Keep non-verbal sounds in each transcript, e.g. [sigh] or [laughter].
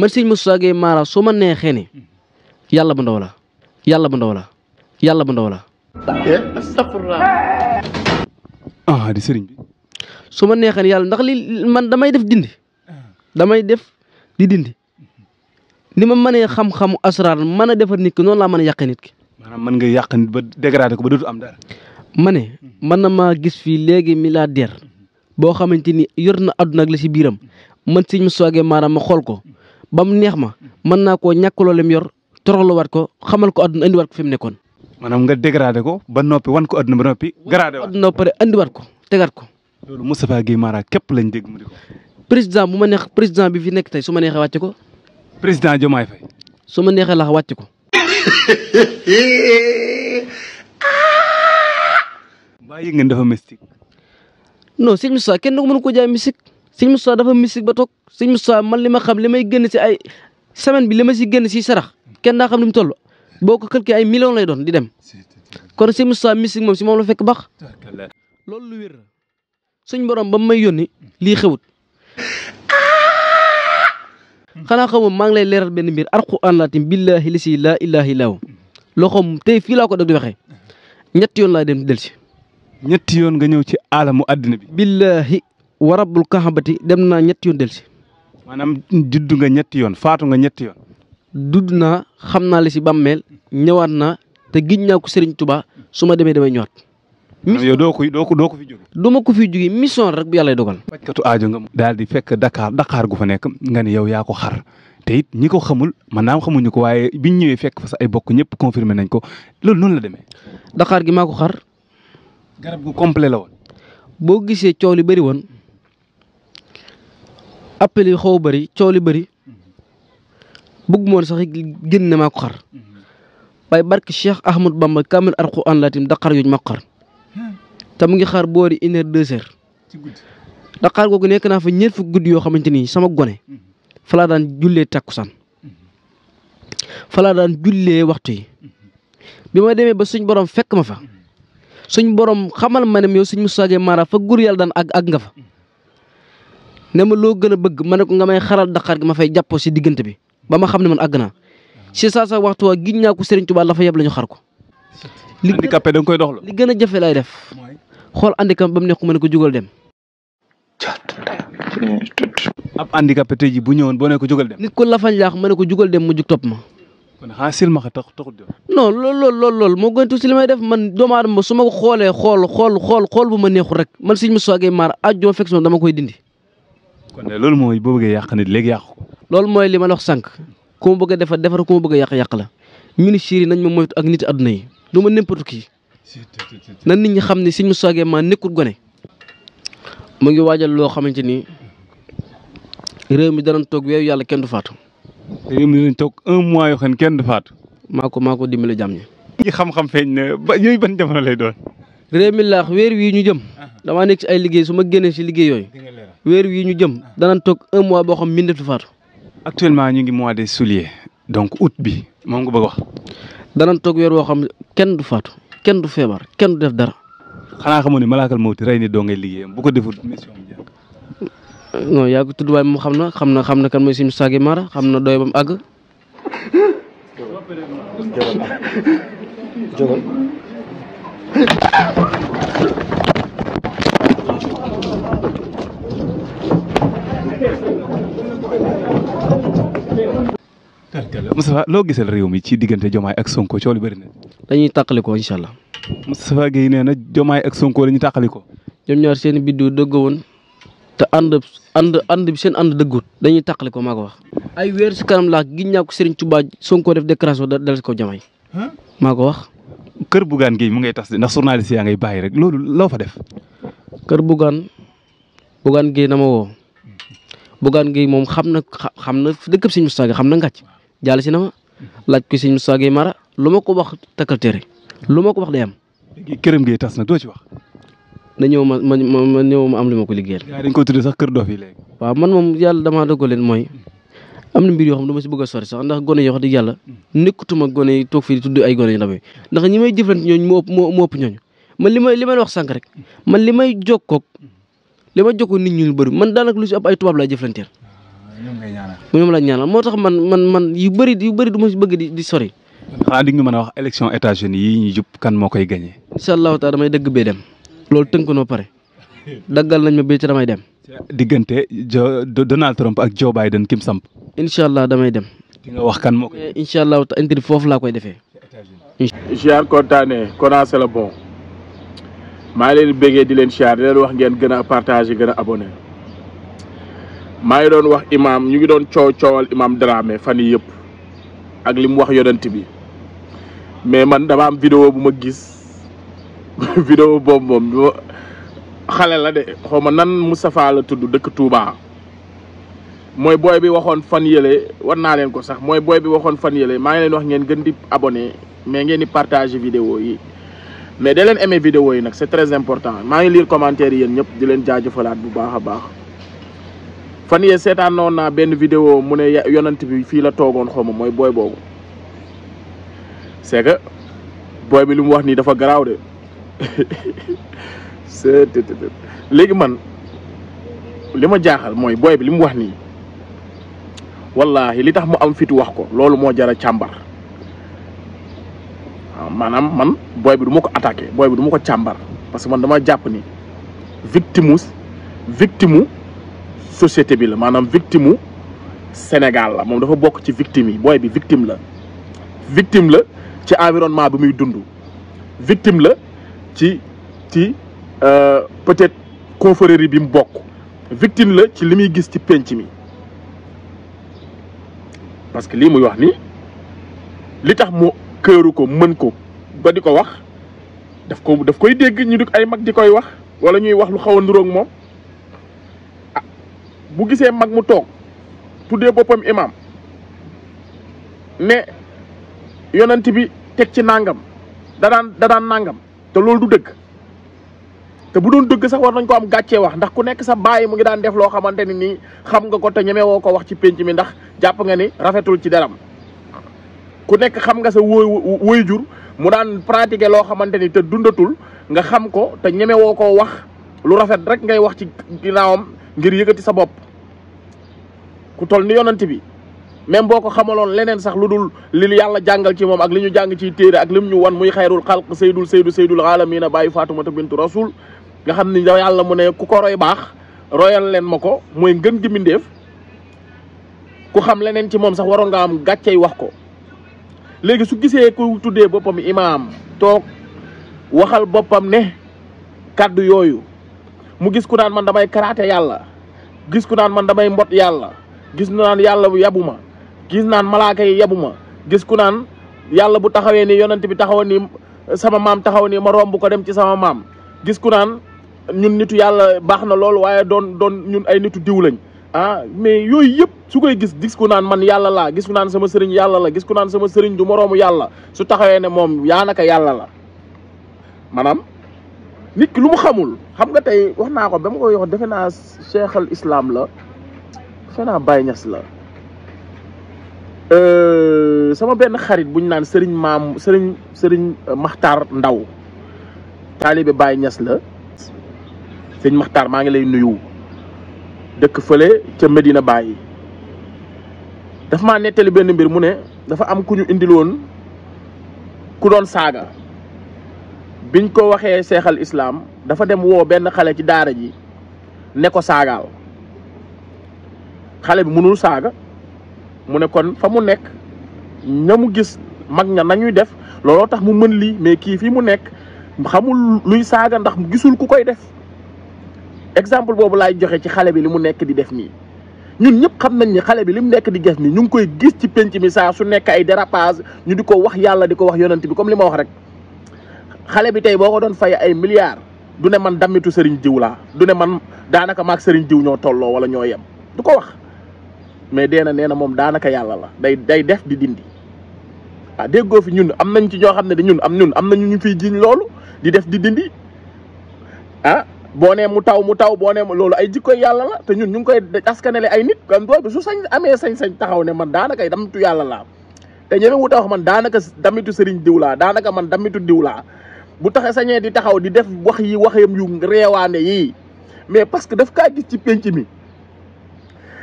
mar seigne Moussa Gueye Mara suma ma ni Yalla bu ndawla yalla bu ndawla yalla bu ndawla ah di seigne bi. suma ma ni yalla ndax li man damay def dindi damay def di dindi ni ma mënee xam-xamu asrar, mané a nit ki non la mané yaq nit ki. manam man nga yaq nit ba dégrader ko ba dootu am dara. mané man ma gis fi légui milliardaire bo xamanteni yorna aduna ak la ci biram man seigne Moussa Gueye Mara ma xol ko bam neex ma mën naa ñak ñàkk loolam yor wat ko xamal ko aduna andi wat ko fim nekkon manam nga dégrader ko ba nopi wan ko aduna ba nopi gradé wat àdduna ba andi wat ko tégat ko. loolu Moustapha gey Mara kep lañ dégg mu di ko. président bu ma neex président bi fi nekk tay suma neexé wacc ko. président Diomaye fay suma neexé la wacc ko. [laughs] baye ngeen dafa mystique. non sëñ Moussa kenn du ko mën koo jaay mystique sëñ Moussa dafa misik ba tok sëñ Moussa man lima ma xam limay genn ci ay semaine bi li ma genn ci sarax ken da xam lim tollu boko boo ay million lay don di dem kon sëñ Moussa misik mom ci mom la fekk bax lolou lu wér suñ borom ba may yoni li xewut xana xamoo maa ngi lay leral ben bir alquran laa tim lisi la ilaha illahu loxom tay loxoom tey fii laa ko def di ñetti yon la dem delsi ñetti yon nga ñew ci alamu adina bi. billahi wa ba ti dem naa ñetti yoon del si maanaam judd nga ñetti yoon faatu nga ñetti yoon dudd naa xam naa li si bàmmeel ñëwaat naa te giñ naa ko Serigne Touba su ma demee damay ñëwaat yow doo koy doo ko doo ko fi jóge du ma ko fi jóge mission rek bu yàlla dogal fajkatu aajo nga daal di fekk Dakar Dakar gu fa nekk nga ni yow yaa ko xar te it ñi ko xamul man maanaam xamuñu ko waaye biñ ñëwee fekk fa sa ay bokk ñëpp confirmé nañ ko loolu noonu la demee Dakar gi maa ko gu complet la woon gisee coow li bëri woon appel yi xaw bëri coow li bëri bëgg moon sax génn ne maa ko xar waaye barke Cheikh Ahmad Bamba kamil Alxuraan laatim daqaar yooyu maa xar te mu ngi xaar boori une heure deux heures daqaar googu nekk naa fa ñeent fukki guddi yoo xamante ni sama gone fa laa daan jullee takkusaan fa laa daan jullee waxtu yi bi ma demee ba suñ borom fekk ma fa suñ borom xamal ma ne yow suñ Moussa Gueye Mara fa gur daan àgg àgg nga fa. ne ma loo gën a bëgg ma ne ko nga may xaral daqaar gi ma fay jàppo si diggante bi ba ma xam ne man àgg naa si saa sa waxtu waa giñ naa ko Serigne Touba la fa ñu xar ko. li handicapé da nga koy doxal. li gën a jafe laay def xool handicapé ba mu nekk ma ne ko jógal dem. ab handicapé tey jii bu ñëwoon boo ko jógal dem. nit ko lafañ laax ma ne ko jugal dem mu jug topp ma. kon xanaa silmaxa tax taxut non loolu loolu loolu moo gën tuuti li may def man doomu aadama su ma ko xoolee xool xool xool xool bu ma neexul rek man Serigne Moustapha Gueye Mar àjjuma fekk dama koy dindi kon loolu mooy boo bëggee yàq nit léegi yàqu ko. loolu mooy li ma la wax sànq ku bëgg defar defar ku ma bëgg yàq yàq la ministère yi nañ ma moytu ak nit àdduna yi du ma n'importe qui na nit ñi xam ne siñ mu soogee maa nekkul gone mu ngi waajal loo xamante ni réew mi danañ toog weewu yàlla kenn du faatu. réew mi danañ toog un mois yoo xam ne kenn du faatu. maa ko maa ko dimbale jàmm ñi. ñi xam-xam feeñ ne ba yooyu ban jamono lay doon. réew mi laax weer wii ñu jëm dama nekk ci ay liggéey suma ma ci liggéey yoy weer wi ñu jëm nañ tok un mois bo xam minute faatu. actuellement ñu ngi mois des souliers donc août bi mo nga bëgg wax. nañ tok weer wo xam kenn du faatu kenn du fébar kenn du def dara. xana xamone malakal mawti rey ni ngay liggéey bu ko defut mission bi non yaa ko tuddu way moom xamna na xamna na na kan moy sim sagi mara xamna na doy bam àgg. Moustapha loo gisal réew mi ci diggante Jomaay ak Sonko coow li bëri na. dañuy tàqalikoo incha allah. Moustapha Gueye nee na Jomaay ak Sonko dañuy tàqalikoo. ñoom ñaar seen biddu dëggoon woon te and bi seen ànd dëggut dañuy tàqalikoo maa ko wax. ay weer si kanam laa giñ naa ko Serigne Touba Sonko def déclaration dal si ko Jomaay maa ko wax. kër Bougane Gueye mu ngay tas ndax journaliste yaa ngay bàyyi rek loolu loo fa def. kër Bougane Bougane na ma woo Bougane Gueye moom xam na xam na dëkkab Serigne Moustapha Gueye xam na ngàcc jàll si na ma laaj ko Serigne Moustapha Gueye lu ma ko wax takkal téere lu ma ko wax day am. léegi këram doo ci wax. na ñëw ma ma ma ñëw ma am li ma ko liggéeyal. dañ ko tuddee sax kër dof yi léegi. waaw man moom yàlla damaa dogal leen mooy amna mbir yo xam dama ci bëgg sori sax ndax gone yoo wax dëgg yalla nekkutuma gone yi tok fi di tudd ay gone yu ndaw yi ndax ñi may jëflante ñoo mo mo moo ëpp ñooñu man limay limay wax sank rek man limay may jokkoog li may nit ñu bari man nak lu ci ëpp ay tubab la jëflanteel. Ah, ñoom la ñaanal moo man man man yu bari yu bari du ci bëgg di di sori. xanaa di nga mëna wax élection États-Unis yi ñu jup kan mo koy gagné. inshallah ta dama dëgg bee dem lool teunk no pare daggal nañ ma bee ci dama dem. digënté Donald Trump ak Joe Biden kim samp incha allah damay dem. ki nga wax kan moo incha allah interview foofu laa koy defee. ziar kontaane Konaté la bon maa leen bëggee di leen ziar di leen wax ngeen gën a partagé gën a maa ngi doon wax imaam ñu ngi doon coow coowal imaam Dramé fan yii yëpp ak li wax yonent bi mais man dama am vidéo bu ma gis [laughs] vidéo boobu moom xale la de xaw ma nan Moustapha la tudd dëkk Touba. moy boy bi waxone fan yele war na len ko sax moy boy bi waxone fan yele maa ngi leen wax ngeen gën di abonné mais ngeen di partager vidéo yi mais de len aimé vidéo yi nak c'est très important maa ngi lire commentaire yeen ñep ñëpp di leen jaajëfalaat bu baaxa baax fan yee seetaanoon na ben vidéo mu ne yonent bi fi la togon xom moy boy bobu c'est que boy bi lu mu wax ni dafa graw de [laughs] c'est légui man lima jaaxal moy boy bi limu wax ni wallaahi li tax mu am fitu wax ko loolu moo jara càmbar waaw maanaam man booy bi du ma ko attaqué booy bi du ma ko càmbar parce que man dama jàpp ni victime victimu société bi la maanaam victimu Sénégal la moom dafa bokk ci victim yi booy bi victim la victime la ci environnement bi muy dund victime la ci ci euh, peut-être confrérie bi mu bokk victime la ci li muy gis ci penc mi parce que lii muy wax ni li tax mu këru ko mën ko ba di ko wax daf ko daf koy dégg ñu dugg ay mag di koy wax wala ñuy wax lu xaw a niróog moom ah bu gisee mag mu toog tuddee boppam imaam ne yonent bi teg ci nangam da daan da daan nangam te loolu du dëgg. te bu doon dëgg sax war nañ ko am gàccee wax ndax ku nekk sa bàyyi mu ngi daan def lo xamanteni ni xam nga ko te wo ko wax ci pénc mi ndax japp nga ni rafetul ci deram ku nekk xam nga sa woy woy jur mu daan pratiquer lo xamanteni te dundatul nga xam ko te wo ko wax lu rafet rek ngay wax ci ginaawam ngir yëkëti sa bop ku toll ni yonent bi même boko xamalon xamaloon leneen sax ludul li yàlla ci mom ak liñu jang ci téré ak lim ñu wan muy khairul khalq sayyidul saydu sayyidul alamin bàyyi fatumata bintu rasul nga xam ni yàlla mu ne ku ko roy baax royal leen ma ko mooy ngën gi mbindéef ku xam leneen ci moom sax waroon nga am gàccey wax ko léegi su gisee ku tuddee boppam imaam toog waxal boppam ne kàddu yooyu mu gis ku naan man damay karaate yàlla gis ku naan man damay mbot yàlla gis naan yàlla yabu ma gis naan malaaka yi yabu ma gis ku naan yàlla bu taxawee ni yonent bi taxaw ni sama maam taxaw ni ma romb ko dem ci sama maam gis ku naan ñun nitu yàlla baax na loolu waaye doon doon ñun ay nitu diw lañ ah mais yooyu yëpp su koy gis gis ku naan man yàlla laa gis ku naan sama sëriñ yàlla la gis ku sama sëriñ du moroomu yàlla su taxawee ne moom yaa yàlla la maanaam nit ki lu mu xamul xam nga tey wax naa ko ba ma koy wax defe naa cheikh al la defe naa Baye la euh, sama benn xarit bu ñu naan sëriñ maam sëriñ sëriñ maxtaar ndaw taalibe Baye ñas la seigne Maxtaar ma ngi lay nuyu dekk fële ci Medina Baye daf ma netali ben mbir mu ne dafa am kuñu indil won ku don saga biñ ko waxee seexal islam dafa dem wo ben xalé ci daara ji ne ko saagaal xalé bi munul saga mu kon fa mu nek ñamu gis mag ña nañuy def lolo tax mu meun li mais ki fi mu nek xamul luy saga ndax gisul ku koy def exemple boobu laay joxe ci xale bi li mu nekk di def nii ñun ñëpp xam nañ ni xale bi li mu nekk di def nii ñu ngi koy gis ci pénc mi saa su nekk ay dérapage ñu di ko wax yàlla di ko wax yonent bi comme li ma wax rek xale bi tey boo ko doon faye ay milliards du ne man dammitu sëriñ diw laa du ne man daanaka maag sëriñ diw ñoo tolloo wala ñoo yem du ko wax mais dee na nee na moom daanaka yàlla la day day def di dindi ah déggoo fi ñun am nañ ci ñoo xam ne de am ñun am nañu ñu fiy jiñ loolu di def di dindi ah, boo nee mu taw mu taw boo nee loolu ay jikko yàlla la te ñun ñu ngi koy askanele ay nit kon boobu su sañ amee sañ-sañ taxaw ne man daanaka damitu yàlla laa te ñeme wu tax man daanaka damitu sëriñ diw laa daanaka man damitu diw laa bu tax sañee di taxaw di def wax yi waxeem yu reewaane yii mais parce que daf kaa gis ci pénc mi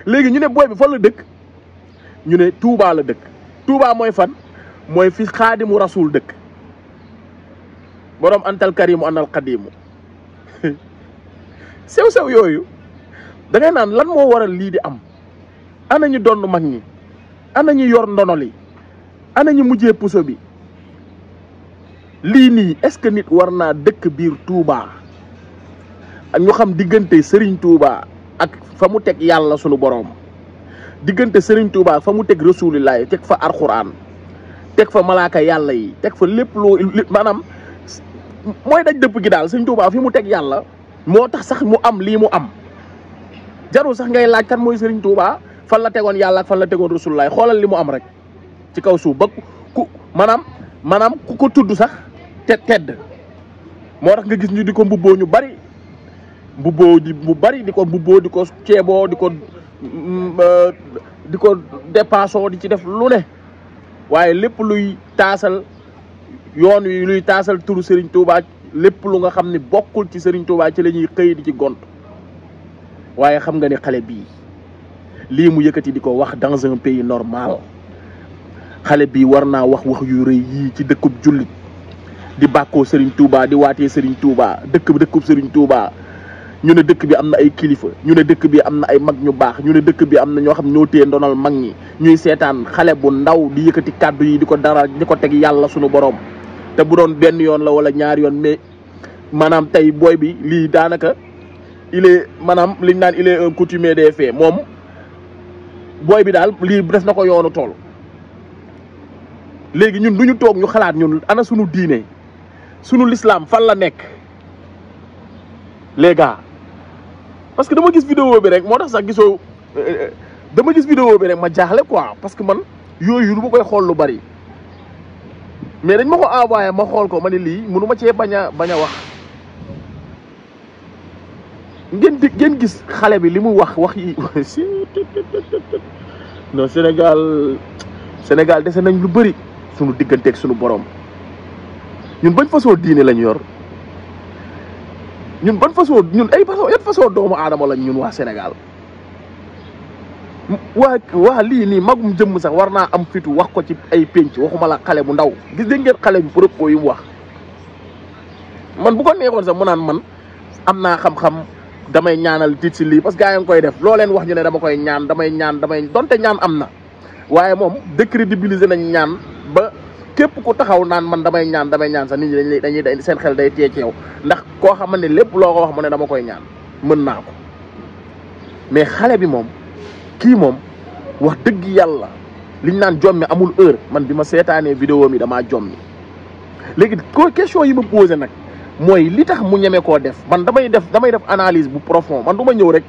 léegi ñu ne booy bi fan la dëkk ñu ne Touba la dëkk Touba mooy fan mooy fi xaadimu rasul dëkk borom antal karimu anal xadimu sew sew yoyu da ngay nan lan mo waral li di am ana ñu donu mag ni ana ñu yor ndono li ana ñu mujjé pousso bi li ni est-ce nit warna dekk bir Touba ak ñu xam digënté Serigne Touba ak fa mu tek yàlla sunu boroom Serigne Touba fa mu teg tek fa alquran tek fa malaka yalla yi tek fa lepp loo manam moy daj depp gi dal Serigne Touba fi mu tek yalla moo tax sax mu am lii mu am jarul sax ngay laaj kan mooy Serigne Touba fan la tegoon yàlla ak fan la tegoon Rasulullah xoolal li mu am rek ci kaw suuf ba ku maanaam maanaam ku ko tudd sax te tedd moo tax nga gis ñu di ko mbubboo ñu bari mbubboo di mu bari di ko mbubboo di ko ceeboo di ko mm, euh, di ko dépensoo di ci def lu ne waaye lépp luy taasal yoon wi luy taasal turu Serigne Touba. lépp lu nga xam ne bokkul ci sëriñ Touba ci lañuy xëy di ci gont waaye xam nga ni xale bii lii mu yëkkati di ko wax dans un pays normal xale bii war naa wax wax yu rëy yii ci dëkkub jullit di bàkkoo sëriñ Touba di waatee Serigne Touba dëkk dëkkub sëriñ Touba ñu ne dëkk bi am na ay kilifa ñu ne dëkk bi am na ay mag ñu baax ñu ne dëkk bi am na ñoo xam ñoo téye ndonal mag ñi ñuy seetaan xale bu ndaw di yëkkati kàddu yi di ko dara di ko teg yàlla sunu borom. te bu doon benn yoon la wala ñaar yoon mais maanaam tey booy bi lii daanaka il est maanaam liñ naan il est un coutumier des faits moom booy bi daal lii def na ko yoonu tool léegi ñun du ñu toog ñu xalaat ñun ana sunu diine sunu lislaam fan la nekk léega gars parce que dama gis vidéo bi rek moo tax sax gisoo euh, euh, dama gis vidéo bi rek ma jaaxle quoi parce que man yooyu du koy xool lu bari. mais dañ mako ya, envoyé ma xol ko mané li mënuma ci baña baña wax ngeen di ngeen gis xalé bi limu wax wax yi [laughs] non Sénégal Sénégal dessé nañ lu bëri sunu ak suñu borom ñun bañ faaso diiné lañ yor ñun bañ faaso ñun ay faaso yépp faaso doomu aadama lañ ñun wa Sénégal waa waa lii nii magum jëmm sax war naa am fitu wax ko ci ay pénc waxuma la xale bu ndaw gis ngeen xale bi propos yu mu wax man bu ko neexoon sax mu naan man am naa xam-xam damay ñaanal tiit si lii parce que gars yi koy def loo leen wax ñu ne dama koy ñaan damay ñaan damay donte ñaan am na waaye moom décrédibiliser nañ ñaan ba képp ku taxaw naan man damay ñaan damay ñaan sax nit ñi dañuy dañuy seen xel day téye ci yow ndax koo xam ne lépp loo ko wax mu ne dama koy ñaan mën naa ko mais xale bi moom. kii moom wax dëgg yàlla liñ naan jommi amul heure man bi ma seetaanee vidéo mi damaa jommi léegi ko question yi ma posé nag mooy li tax mu ñeme koo def man damay def damay def analyse bu profond man du ma ñëw rek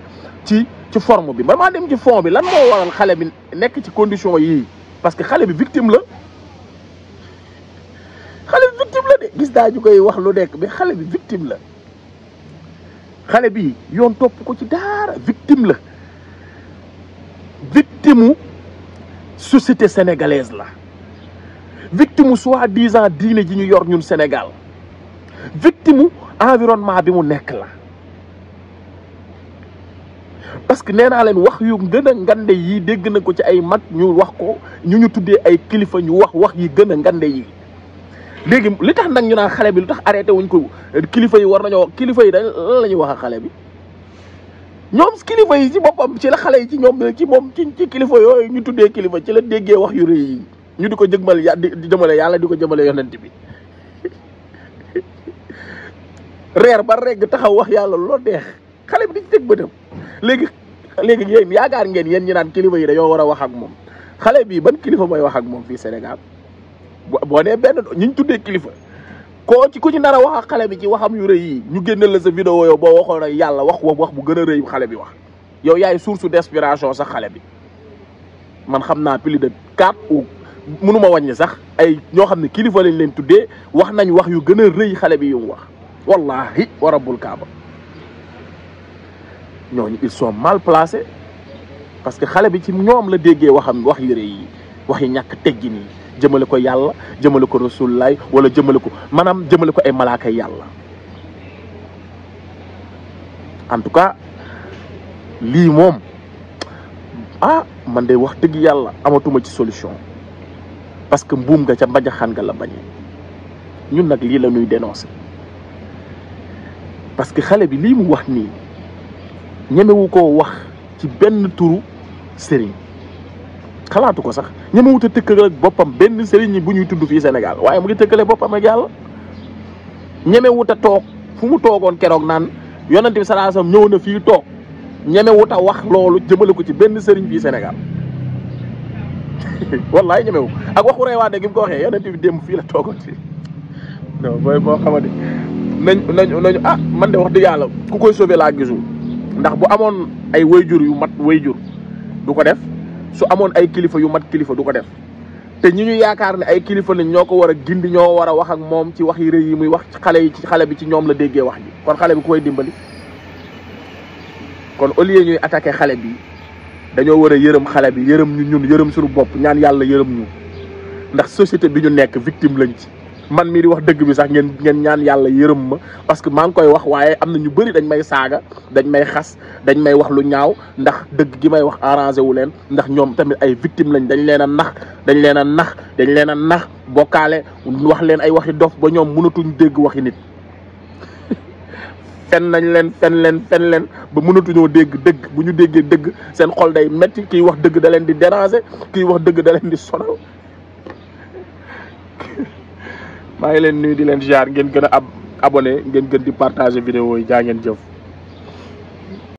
ci ci forme bi man maa dem ci fond bi lan moo waral xale bi nekk ci condition yi parce que xale bi victime la xale bi victime la de gis ñu koy wax lu nekk mais xale bi victime la xale bi yoon topp ko ci daara victime la victime société sénégalaise la victime soi-disant diine ji ñu yor ñun Sénégal victime environnement bi mu nekk la parce que nee naa leen wax yu gën a ngande yi dégg na ko ci ay mag ñu wax ko ñu ñu tuddee ay kilifa ñu wax wax yi gën a ngande yi léegi li tax nag ñu naan xale bi lu tax arrêté wuñ ko kilifa yi war nañoo kilifa yi dañ lan la ñuy wax xale bi ñoom kilifa yi ci boppam ci la xale yi ci ñoom ci moom ci ci kilifa yooyu ñu tuddee kilifa ci la déggee wax yu rëy yi ñu di ko jëgmal ya di jëmale yàlla di ko jëmale yonent bi [laughs] reer ba regg taxaw wax yàlla loo deex xale bi di teg bëtam léegi léegi yéen yaakaar ngeen yéen ñi naan kilifa yi dañoo war a wax ak moom xale bi ban kilifa mooy wax ak moom fii Sénégal boo nee benn ñi ñu tuddee kilifa koo ci ku ci dara a wax ak xale bi ci waxam yu rëy yi ñu génneel la sa vidéo yow boo waxoon ak yàlla wax wax bu gën a rëy xale bi wax yow yaay source d'inspiration sax xale bi man xam naa pili da quatre ou mënuma wàññi sax ay ñoo xam ne kilifa lañ leen tuddee wax nañ wax yu gën a rëy xale bi yu wax wallahi wa rabbul kaaba ñooñu ils sont mal placés parce que xale bi ci ñoom la déggee waxam wax yu rëy yi wax yi ñàkk teggin yi jëmale ko yàlla jëmale ko rasulullaay wala jëmale ko maanaam jëmale ko ay malaaka yàlla en tout cas lii moom ah man de wax dëgg yàlla amatuma ci solution parce que mbuum nga ca mbajaxaan nga la bañee ñun nag lii la ñuy dénoncer parce que xale bi lii mu wax nii ñemewu ko wax ci benn turu sëriñ xalaatu ko sax ñemewut a tëkkal boppam benn sëriñ ñi bu ñuy tudd fii Sénégal waaye mu ngi tëkkale boppam ak yàlla ñemewut a toog fu mu toogoon keroog naan yonent bi sallallahu alayhi wasallam ñëw na fii toog ñemewut a wax loolu jëmale ko ci benn sëriñ fii Sénégal [laughs] wallaay ñemewu ak waxu reewaane gi mu ko waxee yonent bi démb fii la toogoon ci non nañ nañu ah man de wax dëgg yàlla ku koy sauver laa gisul ndax bu amoon ay jur yu mat wayjur du ko def su amoon ay kilifa yu mat kilifa du ko def te ñi ñu yaakaar ne ay kilifa lañ ñoo ko war a gindi ñoo war a wax ak moom ci wax yi rëy yi muy wax ci xale yi ci xale bi ci ñoom la déggee wax ji kon xale bi ku koy dimbali kon au lieu ñuy attaqué xale bi dañoo war a yërëm xale bi yërëm ñu ñun yërëm suñu bopp ñaan yàlla yërëm ñu ndax société bi ñu nekk victime lañ ci man mi di wax deug bi sax ngeen ngeen ñaan yalla yeureum ma parce que maa ngi koy wax waye am ñu bari dañ may saaga dañ may xas dañ may wax lu ñaaw ndax deug gi may wax arranger wu len ndax ñom tamit ay victime lañ dañ leena nax dañ leena nax dañ leena nax bokalé wax leen ay waxi dof ba ñoom mënatuñ wah waxi nit [laughs] fen nañ len fen len fen len ba mënatuñoo dégg dëgg bu ñu déggé dëgg seen xol day metti ki wax dëgg da len di déranger ki wax dëgg da len di sonal [laughs] maa ngi leen nuyu di leen ziar ngeen gën a ab abonné ngeen gën di partager vidéo yi jaa ngeen jëf